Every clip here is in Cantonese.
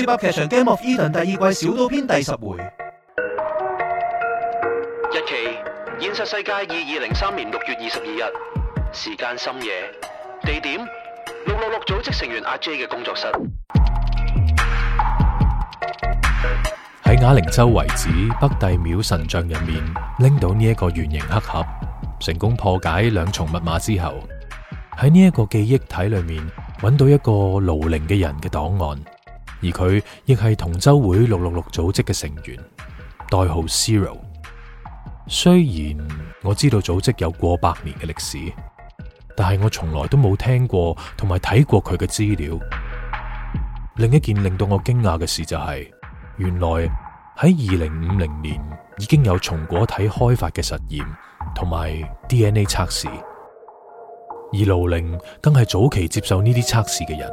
《Zip 噏劇場 Game of Eden 第二季《小島篇》第十回，日期：現實世界二二零三年六月二十二日，時間深夜，地點：六六六組織成員阿 J 嘅工作室。喺啞鈴洲遺址北帝廟神像入面，拎到呢一個圓形黑盒，成功破解兩重密碼之後，喺呢一個記憶體裏面揾到一個盧零嘅人嘅檔案。而佢亦係同舟會六六六組織嘅成員，代號 Zero。雖然我知道組織有過百年嘅歷史，但係我從來都冇聽過同埋睇過佢嘅資料。另一件令到我驚訝嘅事就係、是，原來喺二零五零年已經有松果體開發嘅實驗同埋 DNA 測試，而盧零更係早期接受呢啲測試嘅人。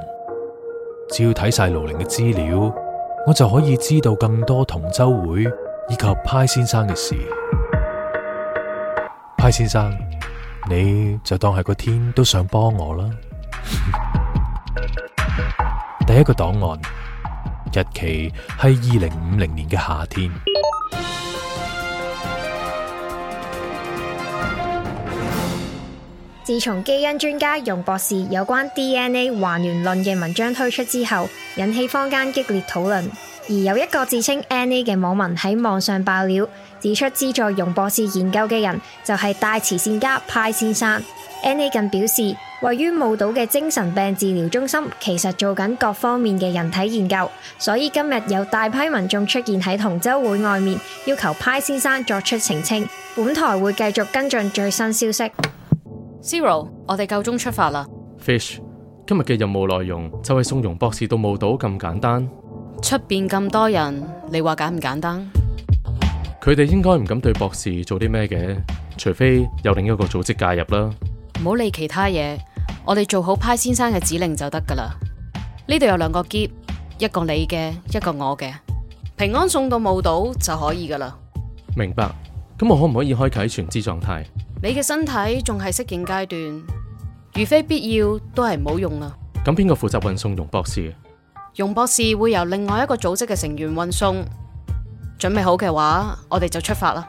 只要睇晒盧零嘅資料，我就可以知道更多同舟會以及 Pi 先生嘅事。Pi 先生，你就當係個天都想幫我啦。 第一個檔案，日期係二零五零年嘅夏天。自從基因專家容博士有關 DNA 還原論嘅文章推出之後，引起坊間激烈討論。而有一個自稱 NA 嘅網民喺網上爆料，指出資助容博士研究嘅人就係大慈善家 Pi 先生。NA 更表示，位於墓島嘅精神病治療中心其實做緊各方面嘅人體研究，所以今日有大批民眾出現喺同舟會外面，要求 Pi 先生作出澄清。本台會繼續跟進最新消息。Zero，我哋夠鐘出發啦。Fish，今日嘅任務內容就係送容博士到墓島咁簡單？出面咁多人，你話簡唔簡單？佢哋應該唔敢對博士做啲咩嘅，除非有另一個組織介入啦。唔好理其他嘢，我哋做好 Pi 先生嘅指令就得噶啦。呢度有兩個喼，一個你嘅，一個我嘅，平安送到墓島就可以噶啦。明白，咁我可唔可以開啟全知狀態？你嘅身體仲係適應階段，如非必要都係唔好用啦。咁邊個負責運送容博士？容博士會由另外一個組織嘅成員運送。準備好嘅話，我哋就出發啦。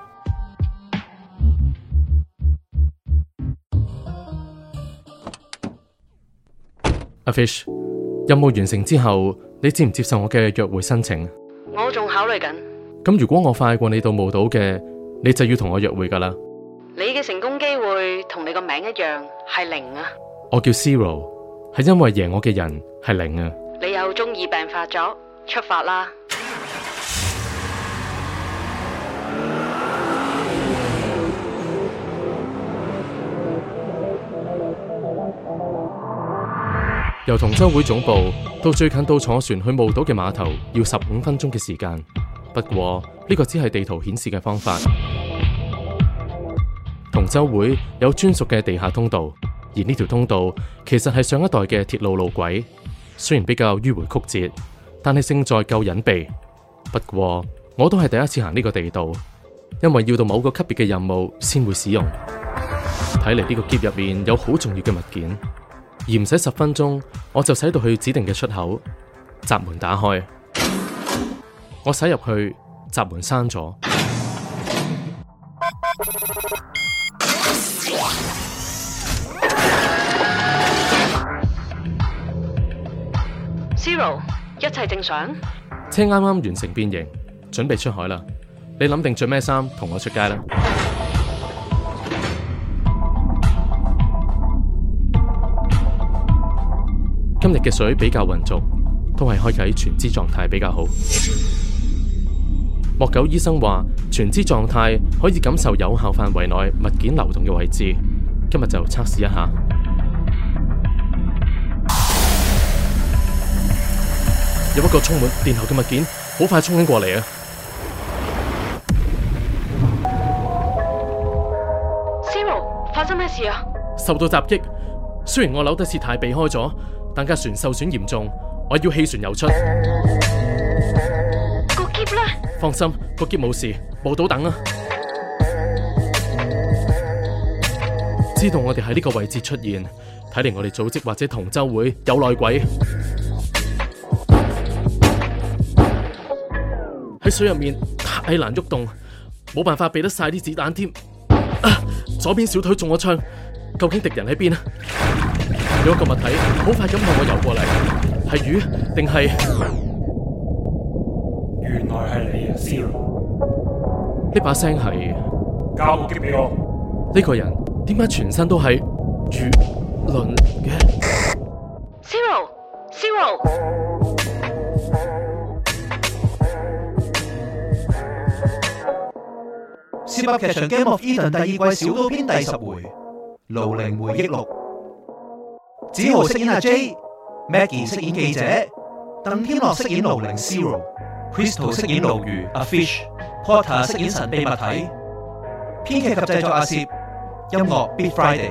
阿 Fish，任務完成之後，你接唔接受我嘅約會申請？我仲考慮緊。咁如果我快過你到墓島嘅，你就要同我約會㗎啦。你嘅成功機會同你個名一樣係零啊！我叫 Zero 係因為贏我嘅人係零啊！你又中二病發咗，出發啦！ 由同舟會總部到最近到坐船去墓島嘅碼頭，要十五分鐘嘅時間。不過呢個只係地圖顯示嘅方法。紅州會有專屬嘅地下通道，而呢條通道其實係上一代嘅鐵路路軌，雖然比較迂迴曲折，但係勝在夠隱蔽。不過我都係第一次行呢個地道，因為要到某個級別嘅任務先會使用。睇嚟呢個結入面有好重要嘅物件，而唔使十分鐘，我就使到去指定嘅出口。閘門打開，我使入去，閘門閂咗。一切正常。車啱啱完成變形，準備出海啦。你諗定着咩衫同我出街啦？ 今日嘅水比較渾濁，都係開啟全知狀態比較好。 莫九醫生話，全知狀態可以感受有效範圍內物件流動嘅位置。今日就測試一下。只不過充滿電流嘅物件，好快衝緊過嚟啊！Zero，發生咩事啊？受到襲擊！雖然我扭得切軚避開咗，但架船受損嚴重，我要棄船游出。嗰喼呢？放心，嗰喼冇事，墓島等啊！知道我哋喺呢個位置出現，睇嚟我哋組織或者同舟會有內鬼。喺水入面太難喐動，冇辦法避得晒啲子彈添。啊！左邊小腿中咗槍，究竟敵人喺邊啊？有一個物體好快咁向我游過嚟，係魚定係？原來係你啊，Zero。呢把聲係，交嗰喼比我。呢個人點解全身都係魚鱗嘅？Zero，Zero。《Zip 噏劇場 Game of Eden》第二季小島篇第十回《盧零回憶錄》。梓豪飾演阿、啊、J，Maggie 飾演記者，鄧添樂飾演盧零 Zero，Crystal 飾演盧如阿 Fish，Potter 飾演神秘物體。編劇及製作阿攝，音樂《Beat Friday》。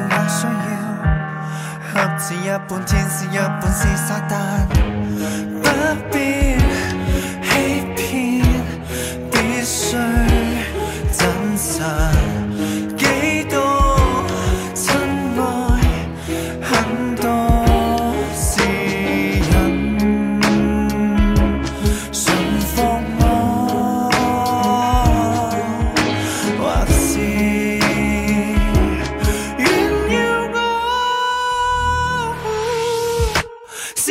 你一半天使一半是撒旦，不 必欺騙，必須真實。